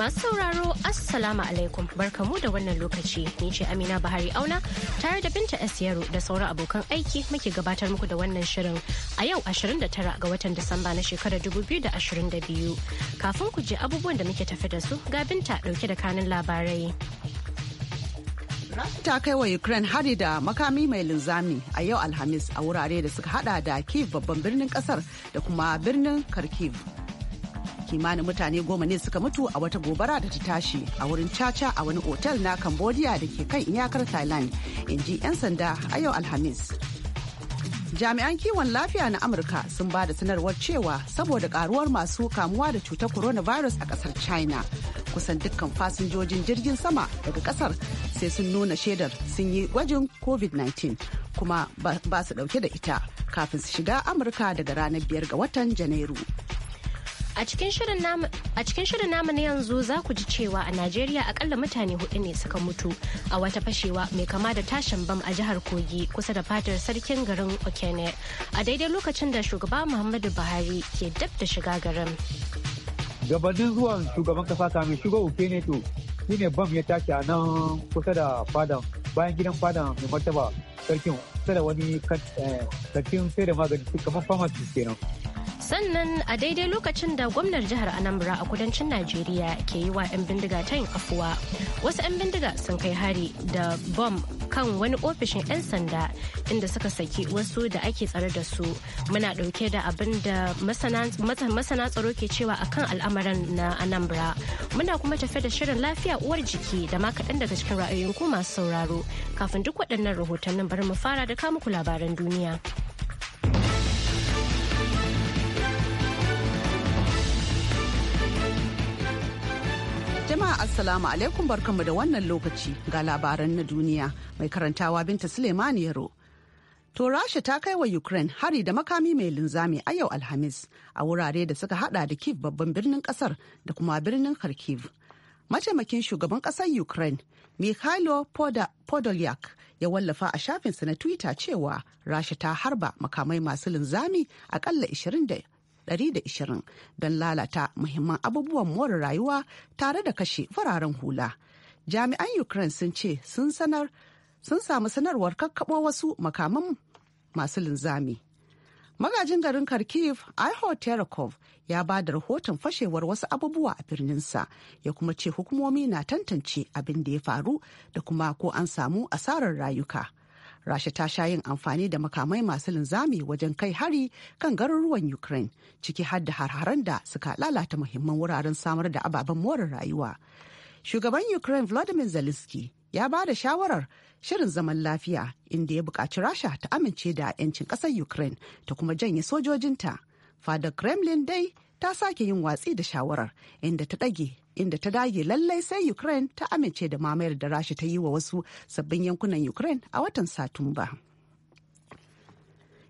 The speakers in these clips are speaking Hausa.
Masu sauraro Assalamu alaikum barkamu da wannan lokaci ni ce Amina Bahari Auna tare da Binta Asiyaru da sauran abokan aiki muke gabatar muku da wannan shirin a yau 29 ga watan Disamba na shekarar 2022. Kafin ku je abubuwan da muke tafi da su ga Binta dauke da kanin labarai. ta kai wa Ukraine hari da makami mai linzami a yau Alhamis a wurare da suka hada da Kiev babban birnin kasar da kuma birnin Kharkiv. kimanin mutane goma ne suka mutu a wata gobara da ta tashi a wurin caca a wani otal na cambodia da ke kan iyakar thailand in ji 'yan sanda a yau alhamis jami'an kiwon lafiya na amurka sun ba da sanarwar cewa saboda karuwar masu kamuwa da cutar coronavirus a kasar china kusan dukkan fasinjojin jirgin sama daga kasar sai sun nuna shaidar sun yi gwajin covid-19 kuma ba su dauke da ita kafin su shiga amurka daga ranar biyar ga watan janairu A cikin shirin namu na yanzu za ku ji cewa a Najeriya akalla mutane hudu ne suka mutu a wata fashewa mai kama da tashin bam a jihar Kogi kusa da fatar sarkin garin Okene a daidai lokacin da shugaba Muhammadu Buhari ke dab da shiga garin. Gabanin zuwan shugaban kasa kamin shigo Okene to shine bam ya tashi a nan kusa da fadan bayan gidan fadan mai martaba sarkin kusa da wani eh, sarkin sai da magani kamar pharmacy kenan. sannan a daidai lokacin da gwamnar jihar anambra a kudancin najeriya ke yi wa 'yan bindiga tayin afuwa wasu 'yan bindiga sun kai hari da bom kan wani ofishin 'yan sanda inda suka saki wasu da ake tsare da su muna dauke da abin da masana tsaro ke cewa akan al'amarin na anambra muna kuma tafe da shirin lafiya uwar jiki da ma kaɗan daga cikin ra'ayoyin ku masu sauraro kafin duk waɗannan rahotannin bari mu fara da kamuku labaran duniya. Jama'a Assalamu alaikum barkanmu da wannan lokaci ga labaran na duniya mai karantawa Binta Suleiman Yaro. To Rasha ta kai wa Ukraine hari da makami mai linzami a yau Alhamis a wurare da suka hada da Kiev babban birnin kasar da kuma birnin Kharkiv. Mataimakin shugaban kasar Ukraine Mikhailo Podolyak ya wallafa a shafinsa na Twitter cewa Rasha ta harba makamai masu linzami akalla 120 don lalata muhimman abubuwan more rayuwa tare da kashe fararen hula. Jami'an Ukraine sun ce sun samu sanarwar kakkaɓo wasu makaman masu linzami. Magajin garin Kharkiv, Iho Terekov, ya ba da rahoton fashewar wasu abubuwa a birninsa, ya kuma ce hukumomi na tantance abin da ya faru da kuma ko an samu asarar rayuka. rasha ta sha yin amfani da makamai masu linzami wajen kai hari kan garuruwan ukraine ciki har da harharan da suka lalata muhimman wuraren samar da ababen more rayuwa shugaban ukraine vladimir zelensky ya ba da shawarar shirin zaman lafiya inda ya buƙaci rasha ta amince da 'yancin ƙasar ukraine ta kuma janye sojojinta fadar kremlin dai ta sake yin watsi da shawarar inda ta ɗage inda ta dage lallai sai Ukraine ta amince da mamayar da Rasha ta yi wa wasu sabbin yankunan Ukraine a watan Satumba.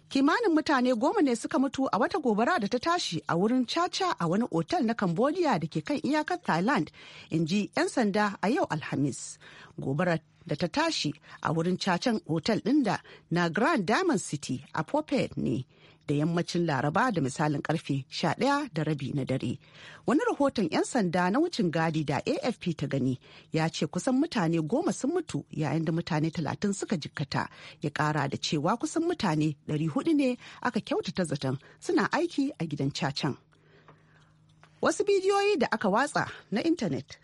Kimanin mutane goma ne suka mutu a wata gobara da ta tashi a wurin caca a wani otal na Cambodia da ke kan iyakar Thailand, in ji 'yan sanda a yau Alhamis. gobara da ta tashi a wurin cacen otal ɗin da na Grand Diamond City a Phuket ne. da yammacin laraba da misalin karfe 11 da rabi na dare wani rahoton 'yan sanda na wucin gadi da afp ta gani ya ce kusan mutane goma sun mutu yayin da mutane talatin suka jikkata ya kara da cewa kusan mutane 400 ne aka kyautata zaton suna aiki a gidan cacan wasu bidiyoyi da aka watsa na intanet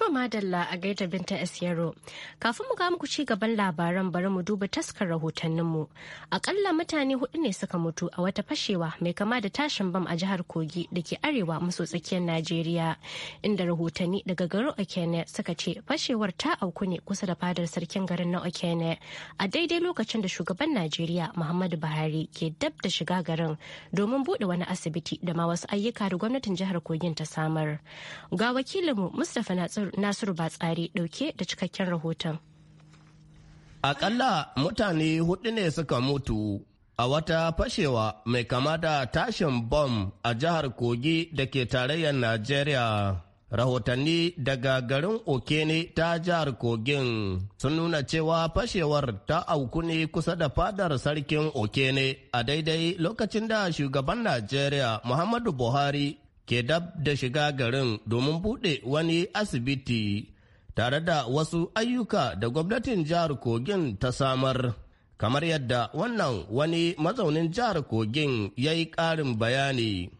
To madalla a gaida binta Esiyaro. Kafin mu ga muku ci gaban labaran bari mu duba taskar rahotanninmu. Akalla mutane hudu ne suka mutu a wata fashewa mai kama da tashin bam a jihar Kogi da ke arewa maso tsakiyar Najeriya. Inda rahotanni daga garin Okene suka ce fashewar ta auku ne kusa da fadar sarkin garin na Okene a daidai lokacin da shugaban Najeriya Muhammadu Buhari ke dab da shiga garin domin buɗe wani asibiti da ma wasu ayyuka da gwamnatin jihar Kogin ta samar. Ga wakilinmu Mustapha Natsir Nasiru Batsari ɗauke da cikakken rahoton. Akalla mutane hudu ne suka mutu a wata fashewa mai kama da tashin bom a jihar Kogi da ke tarayyar Najeriya. Rahotanni daga garin Okene ta jihar Kogin sun nuna cewa fashewar ta auku ne kusa da fadar sarkin Okene a daidai lokacin da shugaban Najeriya Muhammadu Buhari ke dab da shiga garin domin buɗe wani asibiti tare da wasu ayyuka da gwamnatin jihar Kogin ta samar. Kamar yadda wannan wani mazaunin jihar Kogin ya yi ƙarin bayani.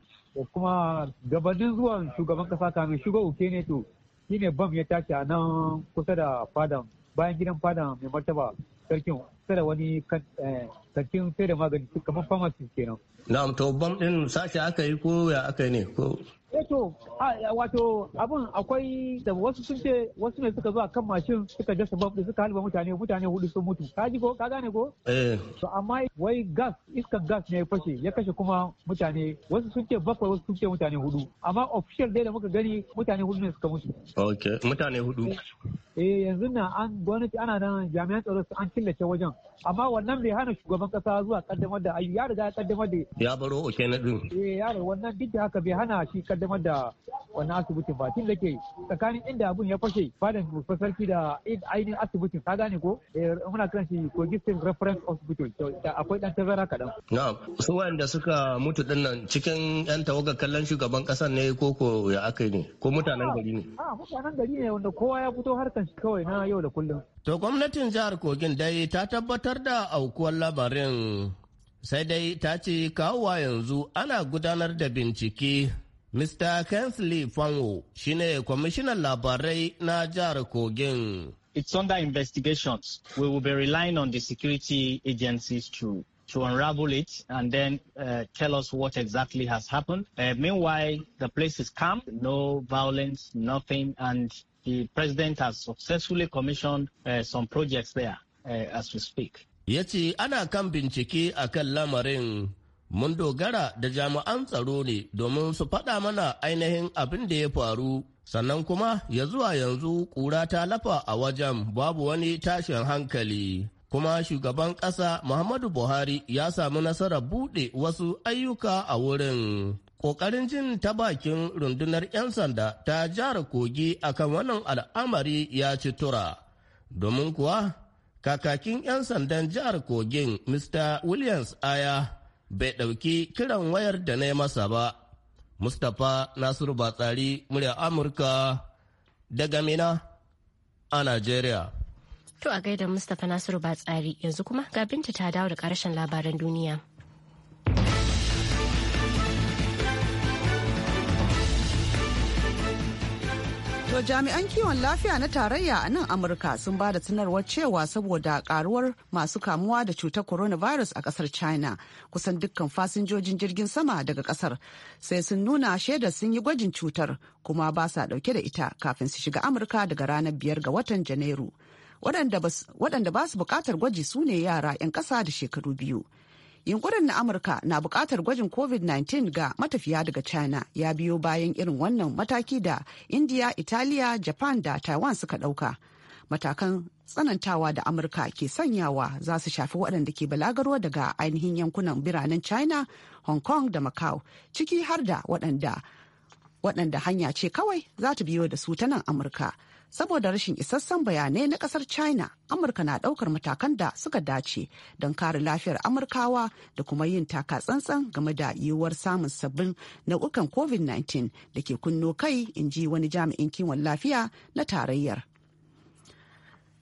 kuma gabanin zuwan shugaban kasa kamin shigo uke ne to shine bam ya tashi a nan kusa da fadan bayan gidan fadan mai martaba sarkin kusa da wani eh, Sakin sai da magani kamar pharmacy kenan. Na to bam din sashi aka yi ko ya aka yi ne ko eto eh wato abin akwai da wasu sun ce wasu ne suka zuwa kan mashin suka dasa bam din suka halba mutane mutane hudu sun mutu ka ji ko ka gane ko eh to amma wai gas iskan gas ne ya fashe ya kashe kuma mutane wasu sun ce bakwai wasu sun ce mutane hudu amma official dai da muka gani mutane hudu ne suka mutu okay mutane hudu eh yanzu na an gwamnati ana nan jami'an tsaro an killace wajen amma wannan bai hana shugaban kasa zuwa kaddamar da ayyuka ya riga ya kaddamar da ya baro oke na din eh ya wannan duk da haka bai hana shi kaddamar da wannan asibitin ba tun da ke tsakanin inda abun ya fashe fadan rufa da ainihin asibitin ka gane ko eh, muna kiran shi kogi reference hospital da akwai dan tazara kaɗan. na'am su wanda suka mutu din nan cikin yan tawagar kallon shugaban kasar ne ko ko ya aka ne ko mutanen ah, gari ne. a ah, mutanen gari ne wanda kowa ya fito harkan shi kawai na yau da kullum. To gwamnatin jihar Kogin dai ta tabbatar da aukuwar labarin sai dai ta ce kawowa yanzu ana gudanar da bincike. Mr. Kensley Fanwo kwamishinan labarai na jihar Kogin. It's under investigations. We will be relying on the security agencies to to unravel it and then uh, tell us what exactly has happened. Uh, meanwhile, the place is calm, no violence, nothing, and The president has successfully commissioned uh, some projects there uh, as we speak. Ya ce ana kan bincike a kan lamarin mun dogara da jami'an tsaro ne domin su faɗa mana ainihin abin da ya faru sannan kuma ya zuwa yanzu ƙura ta lafa a wajen babu wani tashin hankali kuma shugaban ƙasa muhammadu buhari ya samu nasarar buɗe wasu ayyuka a wurin Ƙoƙarin jin ta bakin rundunar 'yan sanda ta jihar Kogi akan wannan al'amari ya ci tura, domin kuwa kakakin 'yan sandan jihar Kogin Mr. Williams Aya bai ɗauki kiran wayar da na masa ba. Mustapha Nasiru Batsari, murya Amurka daga Mina a Najeriya. To a gaida Mustapha Nasiru Batsari yanzu kuma ga ta dawo da ƙarshen labaran duniya. To jami'an kiwon lafiya na tarayya a nan Amurka sun ba da sanarwar cewa saboda karuwar masu kamuwa da cutar coronavirus a kasar China kusan dukkan fasinjojin jirgin sama daga kasar sai sun nuna shaidar sun yi gwajin cutar kuma ba sa dauke da ita kafin su shiga Amurka daga ranar biyar ga watan Janairu. Waɗanda ba su buƙatar gwaji su ne yara 'yan ƙasa da shekaru biyu. Yunkurin na Amurka na bukatar gwajin COVID-19 ga matafiya daga China ya biyo bayan irin wannan mataki da indiya Italiya, Japan da Taiwan suka dauka Matakan tsanantawa da Amurka ke sanyawa za su shafi waɗanda ke balagaro daga ainihin yankunan biranen China, Hong Kong da Macau, ciki har da waɗanda hanya ce kawai za ta biyo da su ta nan Amurka. saboda rashin isassan bayanai na kasar china amurka na daukar matakan da suka dace don kare lafiyar amurkawa da kuma yin taka tsantsan game da yiwuwar samun sabbin nau'ukan covid-19 da ke kunno kai in ji wani jami'in kiwon lafiya na tarayyar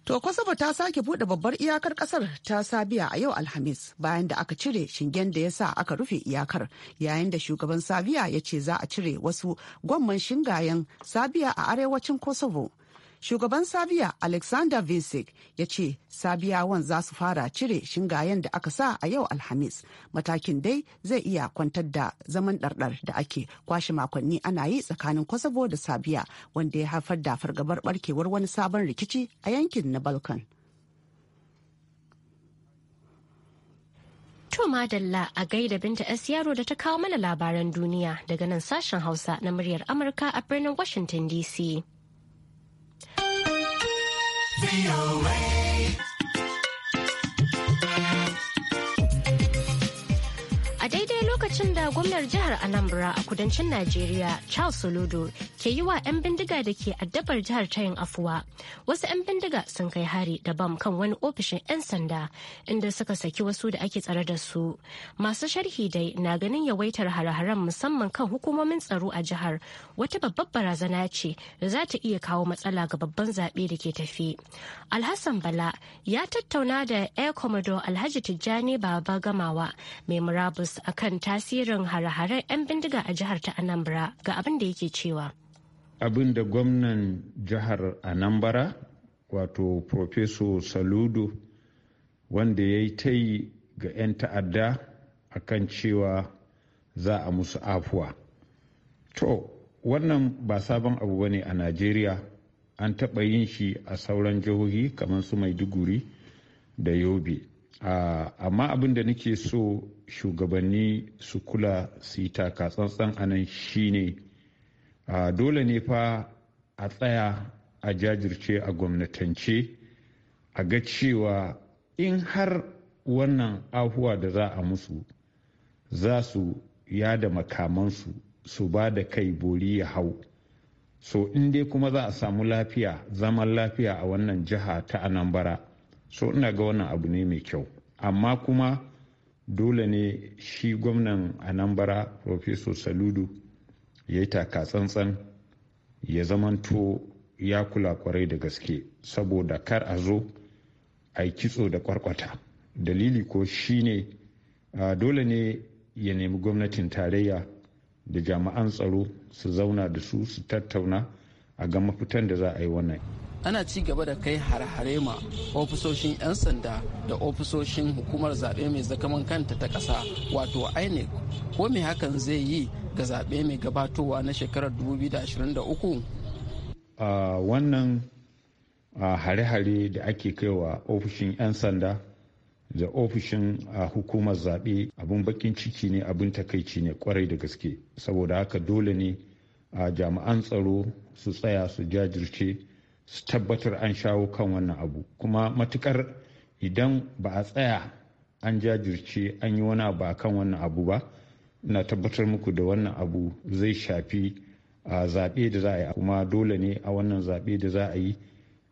To Kosovo ta sake bude babbar iyakar kasar ta Sabiya a yau Alhamis bayan da aka cire shingen da ya sa aka rufe iyakar yayin da shugaban Sabiya ya ce za a cire wasu gwamman shingayen Sabiya a arewacin Kosovo shugaban sabiya alexander vinsik ya ce sabiyawan za su fara cire shingayen da aka sa a yau alhamis matakin dai zai iya kwantar da zaman ɗarɗar da ake kwashe makonni ana yi tsakanin kosovo da sabiya wanda ya haifar da fargabar barkewar wani sabon rikici a yankin na balkan To Madalla a gaida binta S yaro da ta kawo mana labaran duniya daga nan sashen Hausa na muryar Amurka a birnin Washington DC. Be away. Lokacin da gwamnar jihar Anambra a kudancin Najeriya Charles Soludo ke yi wa 'yan bindiga da ke addabar jihar ta yin afuwa, wasu 'yan bindiga sun kai hari da bam kan wani ofishin 'yan sanda inda suka saki wasu da ake tsare da su. Masu sharhi dai na ganin yawaitar hare-haren musamman kan hukumomin tsaro a jihar wata babbar barazana ce da za ta iya kawo matsala ga babban zaɓe da ke tafi. Alhassan Bala ya tattauna da Air Commodore Alhaji Tijjani Baba Gamawa mai murabus akan tasiri tasirin hare-haren 'yan bindiga a jihar ta Anambra ga abin da yake cewa. Abin da gwamnan jihar Anambra wato Profeso Saludo wanda ya yi ta yi ga 'yan ta'adda a kan cewa za a musu afuwa. To, wannan ba sabon abu ba ne a Najeriya an taɓa yin shi a sauran jihohi kamar su Maiduguri da Yobe. Ah, amma abin da nake so shugabanni su kula su yi taka tsantsan shi ne. dole ne fa a tsaya a jajirce a gwamnatance a ga cewa in har wannan ahuwa da za a musu za su yada makamansu su ba da kai bori ya hau so in dai kuma za a samu lafiya zaman lafiya a wannan jiha ta anambara so ina ga wannan abu ne mai kyau amma kuma dole ne shi gwamnan anambra professor saludu ya yi taka tsantsan ya zamanto ya kula kwarai da gaske saboda kar a zo a yi kitso da kwarkwata dalili ko shi ne dole ne ya nemi gwamnatin tarayya da jami'an tsaro su zauna da su su tattauna a ga mafitan da za a yi wannan ana ci gaba da kai har-hare ma ofisoshin 'yan sanda da ofisoshin hukumar zaɓe mai zakaman kanta ta ƙasa wato inec ko mai hakan zai yi ga zaɓe mai gabatowa na shekarar 2023 wannan hare-hare da ake kaiwa ofishin 'yan sanda da ofishin hukumar zaɓe abin bakin ciki ne abin takaici ne kwarai da gaske saboda haka dole ne jami'an tsaro su tsaya su jajirce su tabbatar an shawo kan wannan abu kuma matukar idan ba a tsaya an jajirce an yi wani abu a kan wannan abu ba na tabbatar muku da wannan abu zai shafi a zaɓe da za a yi kuma dole ne a wannan zaɓe da za a yi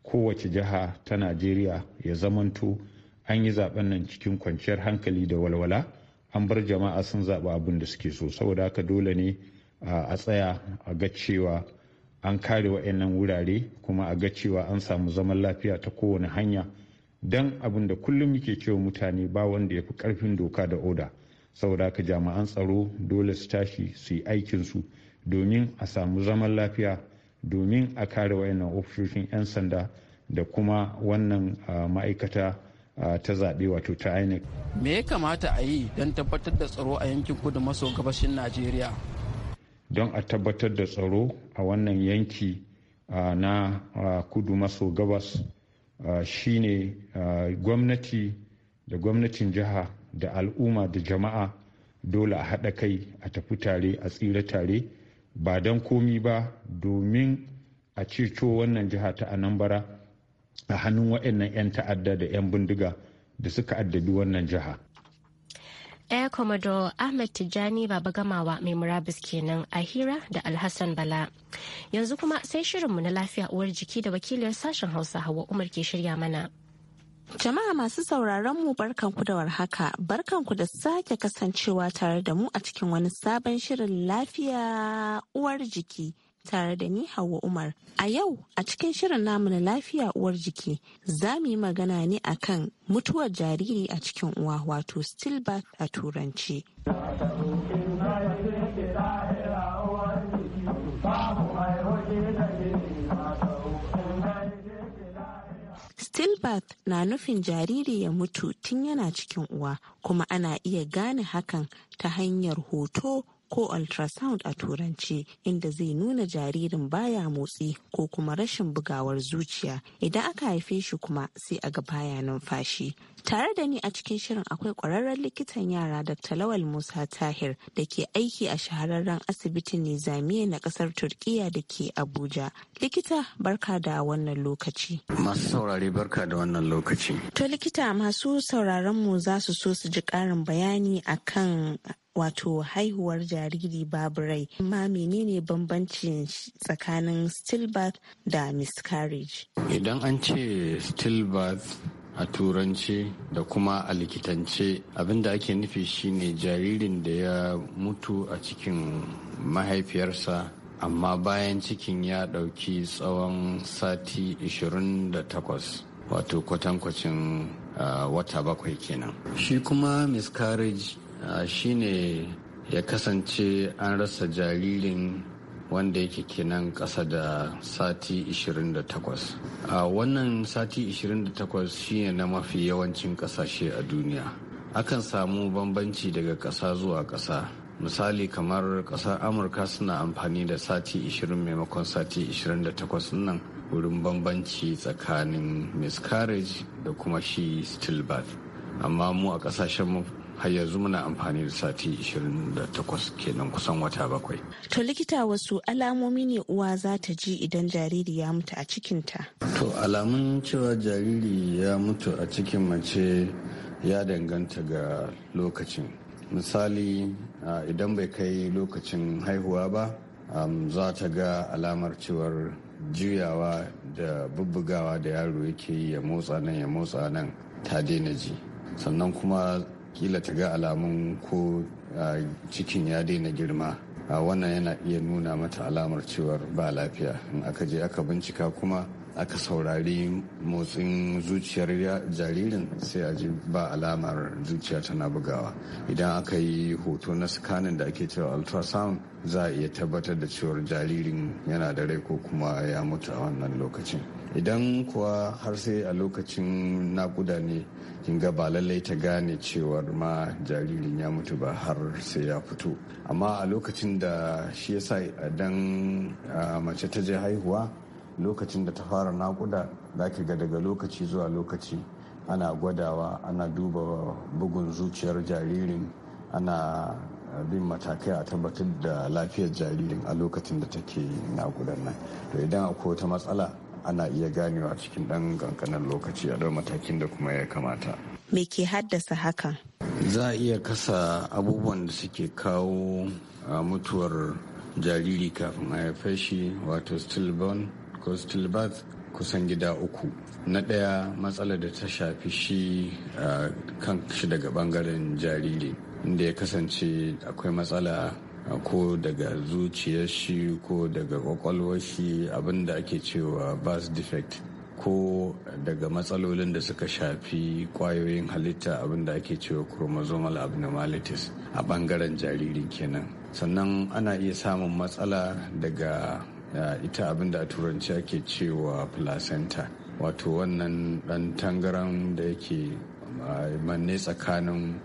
kowace jiha ta najeriya ya zamanto an yi zaɓen nan cikin kwanciyar hankali da walwala an bar jama'a sun zaɓi abin da suke so saboda haka dole ne a tsaya a ga cewa an kare wa'annan wurare kuma a ga cewa an samu zaman lafiya ta kowane hanya don abin da kullum muke cewa mutane ba wanda ya fi karfin doka da oda saboda haka jami'an tsaro dole su tashi su yi aikinsu domin a samu zaman lafiya domin a kare wayannan ofishoshin 'yan sanda da kuma wannan ma'aikata ta zaɓe wato ta inec me ya kamata a yi don tabbatar da tsaro a yankin kudu maso gabashin najeriya don a tabbatar da tsaro a wannan yanki na kudu maso gabas shine gwamnati da gwamnatin jiha da al'umma da jama'a dole a haɗa kai a tafi tare a tsira tare ba don komi ba domin a ceto wannan jiha ta anambra a hannun waɗannan 'yan ta'adda da 'yan bindiga da suka addabi wannan jiha Air Commodore Ahmed Tijjani Baba Gamawa mai murabus kenan a hira da Alhassan Bala. Yanzu kuma sai shirinmu na lafiya uwar jiki da wakiliyar sashen Hausa Hawa Umar ke shirya mana. Jama'a masu sauraron mu barkanku da warhaka, barkanku da sake kasancewa tare da mu a cikin wani sabon shirin lafiya uwar jiki tare da ni Hauwa Umar. A yau a cikin shirin namu na lafiya uwar jiki za mu yi magana ne akan mutuwar jariri a cikin uwa wato stillbirth a turanci. Stillbirth na nufin jariri ya mutu tun yana cikin uwa kuma ana iya gane hakan ta hanyar hoto ko ultrasound a turanci inda zai nuna jaririn baya motsi ko kuma rashin bugawar zuciya idan aka haife shi kuma sai a ga baya numfashi tare da ni a cikin shirin akwai kwararren likitan yara dr lawal musa tahir da ke aiki a shahararren asibitin nizamiya na kasar turkiya da ke abuja likita barka da wannan lokaci masu saurare barka da wannan lokaci to likita masu sauraron mu za su so su ji karin bayani akan wato haihuwar jariri babu rai amma menene bambanci tsakanin stillbirth da miscarriage idan an ce stillbirth a turance da kuma a likitance abinda ake nufi shine jaririn da ya mutu a cikin mahaifiyarsa amma bayan cikin ya ɗauki tsawon sati 28 wato kwatankwacin uh, wata bakwai kenan shi kuma miscarriage Shi ne ya kasance an rasa jaririn wanda yake kenan ƙasa da sati 28 a wannan sati 28 shine na mafi yawancin ƙasashe a duniya akan samu bambanci daga ƙasa zuwa ƙasa misali kamar ƙasar amurka suna amfani da sati 20 maimakon sati 28 nan wurin bambanci tsakanin miscarriage da kuma shi stillbirth amma mu a ƙasashen har yanzu muna amfani da sati 28 kenan kusan wata bakwai. To likita wasu alamomi ne uwa za ta ji idan jariri ya mutu a cikinta? To alamun cewa jariri ya mutu a cikin mace ya danganta ga lokacin. Misali idan bai kai lokacin haihuwa ba za ta ga alamar cewar juyawa da bubbugawa da yaro yake yi ya motsa nan ya motsa nan ta daina ji. sannan kuma kila ta ga alamun ko cikin ya daina girma a wannan yana iya nuna mata alamar cewar ba lafiya in aka je aka bincika kuma aka saurari motsin zuciyar jaririn sai a ji ba alamar zuciya tana bugawa idan aka yi hoto na sikanin da ake cewa ultrasound za a iya tabbatar da cewar jaririn yana da rai ko kuma ya mutu a wannan lokacin idan kuwa har sai a lokacin nakuda ne kinga ba lallai ta gane cewar ma jaririn ya mutu ba har sai ya fito amma a lokacin da shi ya yasa idan mace ta je haihuwa lokacin da ta fara nakuda za ga daga lokaci zuwa lokaci ana gwadawa ana duba bugun zuciyar jaririn ana bin matakai a tabbatar da lafiyar jaririn a lokacin da take nakudan nan to idan akwai wata matsala ana iya ganewa cikin ɗan kankanin lokaci a dau matakin da kuma ya kamata. Me ke haddasa haka Za a iya kasa abubuwan da suke kawo mutuwar jariri kafin a haife shi wato stillborn ko stillbirth kusan gida uku na ɗaya matsalar da ta shafi shi kan shi daga ɓangaren jariri inda ya kasance akwai matsala ko daga zuciyar shi ko daga kwakwalwar shi abinda ake cewa birth defect ko daga matsalolin da suka shafi kwayoyin halitta abinda ake cewa chromosomal abnormalities a bangaren jariri kenan sannan ana iya samun matsala daga eh, ita abinda a turanci ake cewa placenta wato wannan dan tangaran da yake eh, manne tsakanin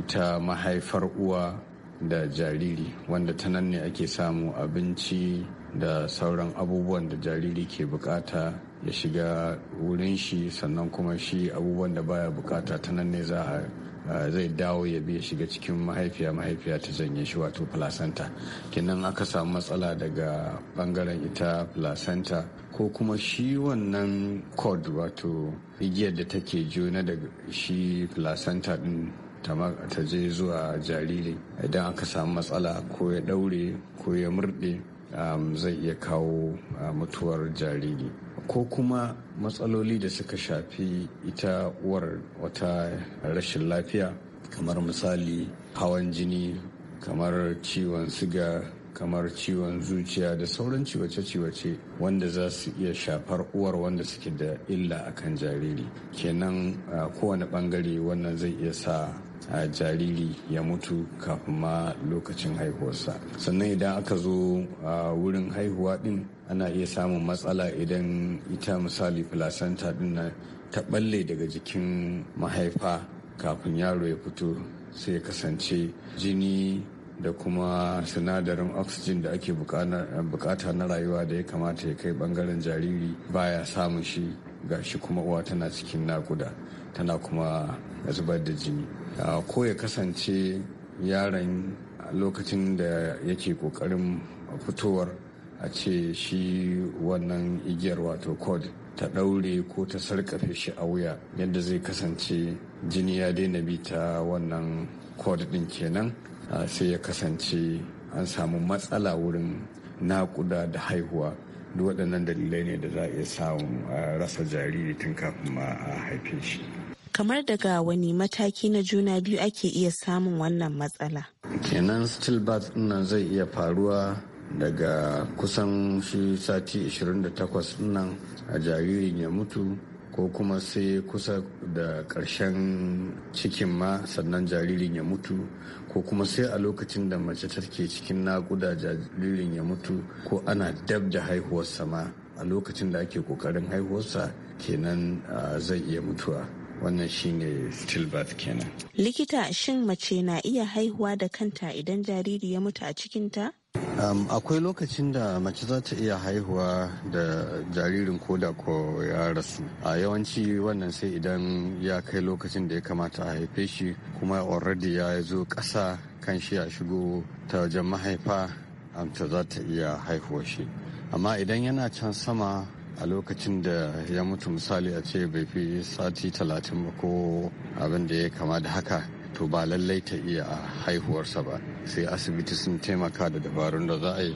ita mahaifar uwa da jariri wanda ta nan ne ake samu abinci da sauran abubuwan da jariri ke bukata ya shiga wurin shi sannan kuma shi abubuwan da baya bukata ta nan ne za a zai dawo ya bi ya shiga cikin mahaifiya mahaifiya ta janye shi wato placenta kenan aka samu matsala daga bangaren ita placenta ko kuma shi wannan cord wato igiyar da take juna da shi placenta din ta je zuwa jariri idan aka samu matsala ko ya daure ko ya murɗe um, zai iya kawo uh, mutuwar jariri ko kuma matsaloli da suka shafi ita uwar wata rashin lafiya kamar misali hawan jini kamar ciwon siga kamar ciwon zuciya da sauran ciwace-ciwace wanda za su iya shafar uwar wanda suke da illa akan jariri kenan uh, kowane bangare wannan zai iya sa a jariri ya mutu kafin ma lokacin haihuwarsa sannan idan aka zo a wurin haihuwa din ana iya samun matsala idan ita misali placenta din na ta balle daga jikin mahaifa kafin yaro ya fito sai ya kasance jini da kuma sinadarin oxygen da ake bukata na rayuwa da ya kamata ya kai bangaren jariri baya samun shi ga shi kuma uwa tana cikin naƙuda. tana kuma zubar da jini ko ya kasance yaron lokacin da yake kokarin fitowar a ce shi wannan igiyar wato kod ta ɗaure ko ta sarkafe shi a wuya yadda zai kasance jini ya daina bi ta wannan kod ɗin kenan sai ya kasance an samu matsala wurin naƙuda da haihuwa duk waɗannan dalilai ne da za a iya samun rasa jariri tun kafin ma a haife shi kamar daga wani mataki na juna biyu ake iya samun wannan matsala kenan stillbirth nan zai iya faruwa daga kusan shi sati 28 nan a jaririn ya mutu ko kuma sai kusa da ƙarshen cikin ma sannan jaririn ya mutu ko kuma sai a lokacin da mace take cikin naƙuda jaririn ya mutu ko ana dab da haihuwarsa ma a lokacin da ake ƙoƙarin haihuwarsa kenan ah, zai iya mutuwa wannan shine stillbirth kenan likita shin mace na iya haihuwa da kanta idan jariri ya mutu a cikinta Um, akwai lokacin da mace za ta iya haihuwa da jaririn koda ko ya rasu a yawanci wannan sai idan ya kai lokacin da ya kamata a haife shi kuma already ya zo kasa kan shi ya shigo ta wajen mahaifa amta za ta iya haihuwa shi amma idan yana can sama a lokacin da ya mutu misali a ce bai fi sati talatin ba ko abin da ya kama da haka to ba lallai ta iya haihuwarsa ba sai asibiti sun taimaka da dabarun da za a yi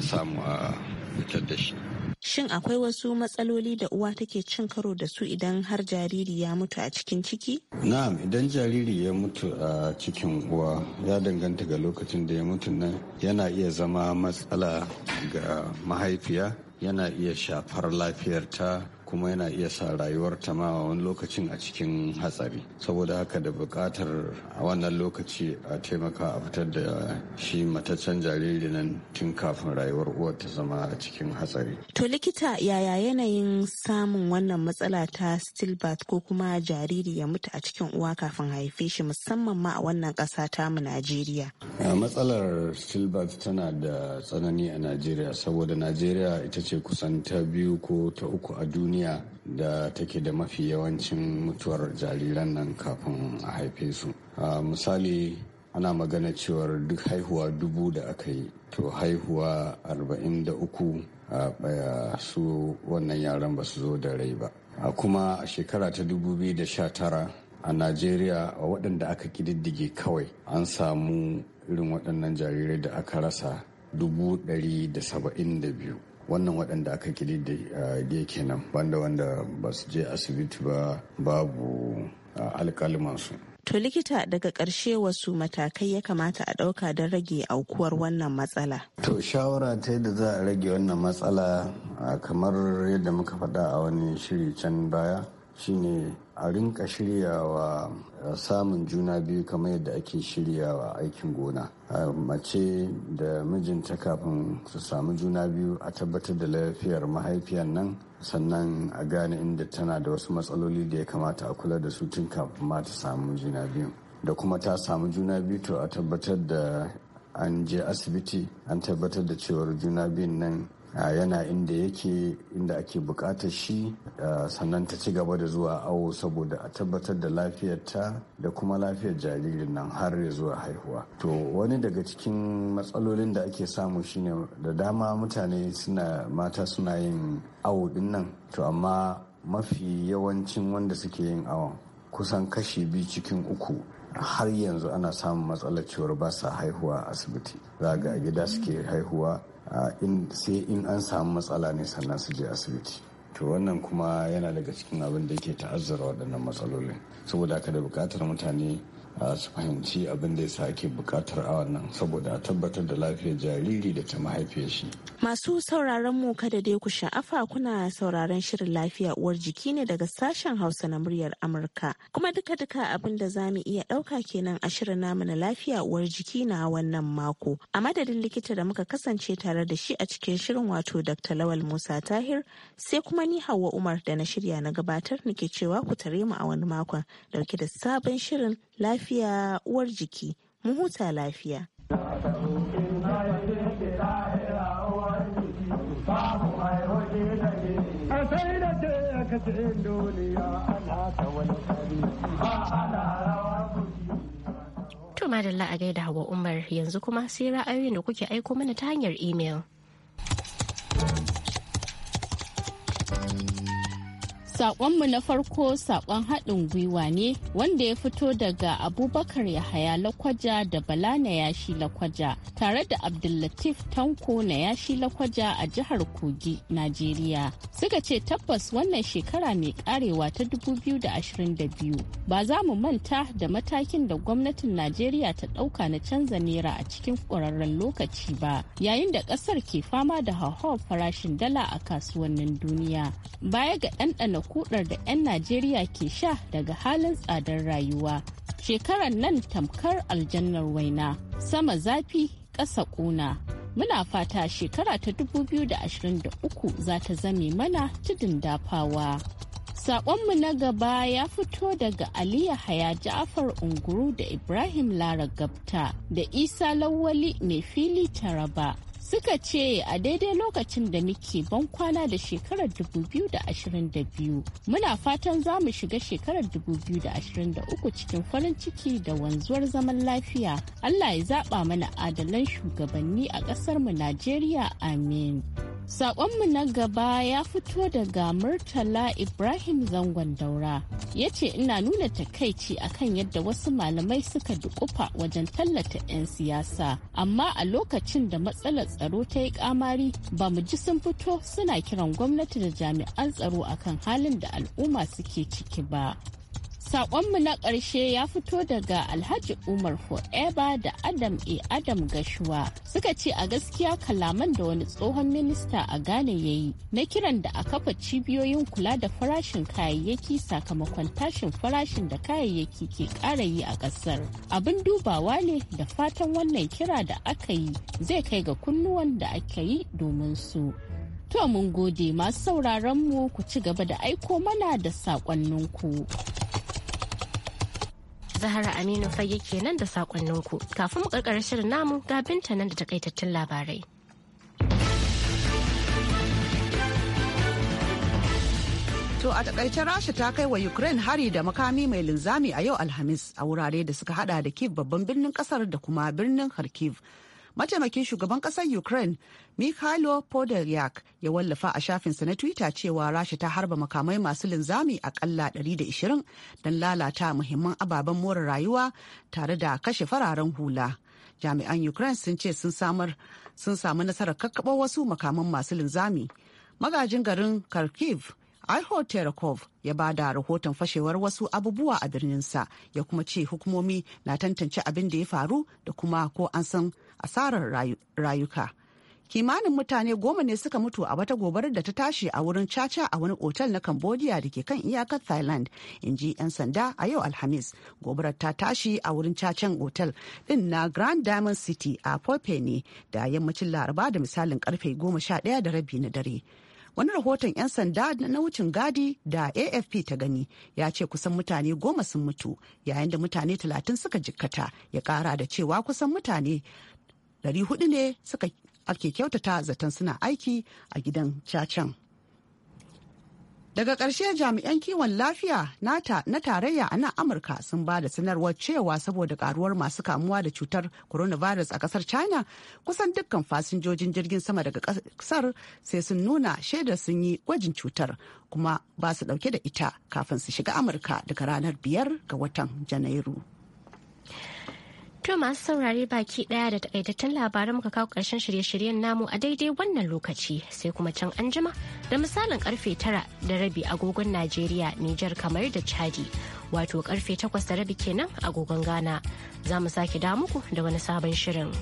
samu a fitar da shi Shin akwai wasu matsaloli da uwa take cin karo da su idan har jariri ya mutu a cikin ciki? Na'am, idan jariri ya mutu a cikin uwa ya danganta ga lokacin da ya mutu nan yana iya zama matsala ga mahaifiya yana iya shafar lafiyarta kuma yana iya sa rayuwar ta ma wani lokacin a cikin hatsari saboda haka da bukatar a wannan lokaci a taimaka a fitar da shi mataccen jariri nan tun kafin rayuwar uwar ta zama a cikin hatsari to likita yaya yanayin samun wannan matsala ta stillbirth ko kuma jariri ya mutu a cikin uwa kafin haife shi musamman ma a wannan ƙasa mu najeriya matsalar stillbirth tana da tsanani a najeriya saboda najeriya ita ce kusan ta biyu ko ta uku a duniya duniya da take da mafi yawancin mutuwar jariran nan kafin a haife su misali ana magana cewar duk haihuwa dubu da aka yi to haihuwa arba'in da uku a baya su wannan yaran ba su zo da rai ba a kuma a shekara ta sha tara a najeriya a waɗanda aka kididdige kawai an samu irin waɗannan jarirai da aka rasa dubu da da saba'in biyu. wannan waɗanda aka kididdige eh, kenan banda wanda ba su je asibiti ba babu eh, su. To likita daga ƙarshe wasu matakai ya kamata a ɗauka don rage aukuwar wannan matsala. To shawara ta da za a rage wannan matsala kamar yadda muka faɗa a wani shiri can baya shine a rinka shiryawa samun juna biyu kamar yadda ake shiryawa aikin gona mace da mijinta kafin su samu juna biyu a tabbatar da lafiyar mahaifiyar nan sannan a gane inda tana da wasu matsaloli da ya kamata a kula da su tun kafin ma ta samu juna biyu da kuma ta samu juna biyu to a tabbatar da an je asibiti an tabbatar da cewar juna biyun nan yana inda yake inda ake bukatar shi sannan ta ci gaba da zuwa awo saboda a tabbatar da lafiyarta da kuma lafiyar jaririn nan har ya zuwa haihuwa to wani daga cikin matsalolin da ake samu shine da dama mutane suna mata suna yin awo din nan to amma mafi yawancin wanda suke yin awon kusan kashi biyu cikin uku har yanzu ana samun matsalar cewar ba sa haihuwa a asibiti za ga gida suke haihuwa sai in an samu matsala ne sannan su je asibiti to wannan kuma yana daga cikin abin da yake ta'azzara waɗannan matsalolin saboda haka da buƙatar mutane su fahimci abin da yasa ake bukatar a wannan saboda a tabbatar da lafiyar jariri da ta mahaifiyar shi. Masu sauraron mu kada dai ku sha'afa kuna sauraron shirin lafiya uwar jiki ne daga sashen Hausa na muryar Amurka. Kuma duka-duka abin da za mu iya ɗauka kenan a shirin namu na lafiya uwar jiki na wannan mako. A madadin likita da muka kasance tare da shi a cikin shirin wato Dr. Lawal Musa Tahir sai kuma ni Hauwa Umar da na shirya na gabatar nake cewa ku tare mu a wani makon dauke da sabon shirin lafiya uwar jiki mu huta lafiya. To madalla a gaida hawa Umar yanzu kuma sai ra'ayoyin da kuke aiko mana ta hanyar imel. Sakonmu na farko sakon haɗin gwiwa ne wanda ya fito daga Abubakar Yahaya Lakwaja da Bala na yashi Lakwaja tare da Abdullatif Tanko na yashi Lakwaja a jihar Kogi, Najeriya. Suka ce tabbas wannan shekara mai karewa ta 2022 ba za mu manta da matakin da gwamnatin Najeriya ta ɗauka na canza nera a cikin ƙwararren lokaci ba yayin da ƙasar ke fama da hauhawar farashin dala a kasuwannin duniya. Baya ga ɗanɗana kudar da 'yan Najeriya ke sha daga halin tsadar rayuwa. Shekarar nan tamkar aljannar waina, sama zafi, ƙasa ƙuna. Muna fata shekara ta 2023 za ta zame mana tudun dafawa. saƙonmu na gaba ya fito daga Aliya Haya Ja'afar Unguru da Ibrahim Lara Gabta da Isa Lawali mai fili Taraba suka ce a daidai lokacin da muke ban kwana da shekarar 2022 muna fatan za mu shiga shekarar 2023 cikin farin ciki da wanzuwar zaman lafiya allah ya zaba mana adalan shugabanni a ƙasarmu najeriya amin Saƙonmu na gaba ya fito daga Murtala Ibrahim Zangon Daura. Ya ce ina nuna takaici akan yadda wasu malamai suka dukufa wajen tallata 'yan siyasa. Amma a lokacin da matsalar tsaro ta yi kamari ba mu ji sun fito suna kiran gwamnati da jami'an tsaro akan halin da al'umma suke ciki ba. Saƙonmu na ƙarshe ya fito daga Alhaji Umar hoeba da Adam E. Adam Gashuwa suka ce a gaskiya kalaman da wani tsohon minista a Ghana ya yi na kiran da a kafa cibiyoyin kula da farashin kayayyaki sakamakon tashin farashin da kayayyaki ke ƙara yi a ƙasar. Abin dubawa ne da fatan wannan kira da aka yi zai kai ga kunnuwan da aka yi domin su. To mun gode masu sauraron mu ku ci gaba da aiko mana da saƙonninku. Zahara Aminu yake nan da sakonninku. Kafin mu karkara shirin namu ga binta nan da takaitattun labarai. To a takaice Rasha ta kai wa Ukraine hari da makami mai linzami a yau Alhamis a wurare da suka hada da Kiev babban birnin kasar da kuma birnin Kharkiv mataimakin shugaban kasar ukraine mikhailo podolyak ya wallafa a shafinsa na twitter cewa rasha ta harba makamai masu linzami akalla 120 don lalata muhimman ababen more rayuwa tare da kashe fararen hula jami'an ukraine sun ce sun samu nasarar kakkaɓo wasu makaman masu linzami magajin garin kharkiv Aiho Terakov ya ba da rahoton fashewar wasu abubuwa a birninsa ya kuma ce hukumomi na tantance abin da ya faru da kuma ko an san asarar rayuka. Kimanin mutane goma ne suka mutu a wata gobarar da ta tashi a wurin caca a wani otal na Cambodia da ke kan iyakar Thailand, in ji 'yan sanda a yau Alhamis. Gobarar ta tashi a wurin cacen otal din na Grand Diamond City a ne da yammacin Laraba da misalin karfe goma sha ɗaya da rabi na dare. wani rahoton 'yan sanda na wucin gadi da afp ta gani ya ce kusan mutane goma sun mutu yayin da mutane talatin suka jikkata ya kara da cewa kusan mutane hudu ne suka ake kyautata zaton suna aiki a gidan cacan? Daga ƙarshe jami'an kiwon lafiya na tarayya a nan Amurka sun ba da sanarwar cewa saboda karuwar masu kamuwa da cutar coronavirus a ƙasar China kusan dukkan fasinjojin jirgin sama daga ƙasar sai sun nuna shaidar sun yi gwajin cutar kuma ba su ɗauke da ita kafin su shiga Amurka daga ranar biyar ga watan Janairu. To masu saurare baki daya da takaitattun labaran muka kawo karshen shirye-shiryen namu a daidai wannan lokaci sai kuma can anjima da misalin karfe tara da rabi agogon Najeriya, Nijar kamar da Chadi. Wato karfe takwas da rabi kenan agogon Ghana. Za mu sake da muku da wani sabon shirin.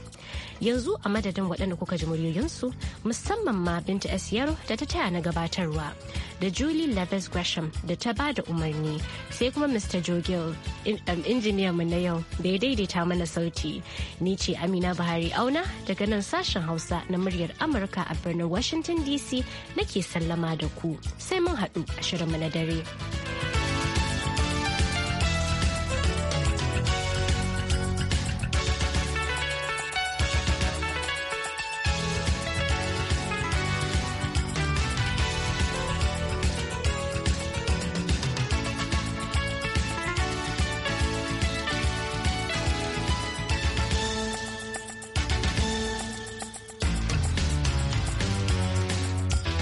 Yanzu a madadin waɗanda kuka ji muryoyinsu musamman ma Binta S Yaro da ta taya na gabatarwa. da Julie Levis Gresham da ta ba da umarni sai kuma Mr. Joe Gill mu na yau da ya daidaita mana sauti. Ni ce Amina Buhari Auna daga nan sashen Hausa na muryar Amurka a birnin Washington DC nake sallama da ku sai mun haɗu a mu na dare.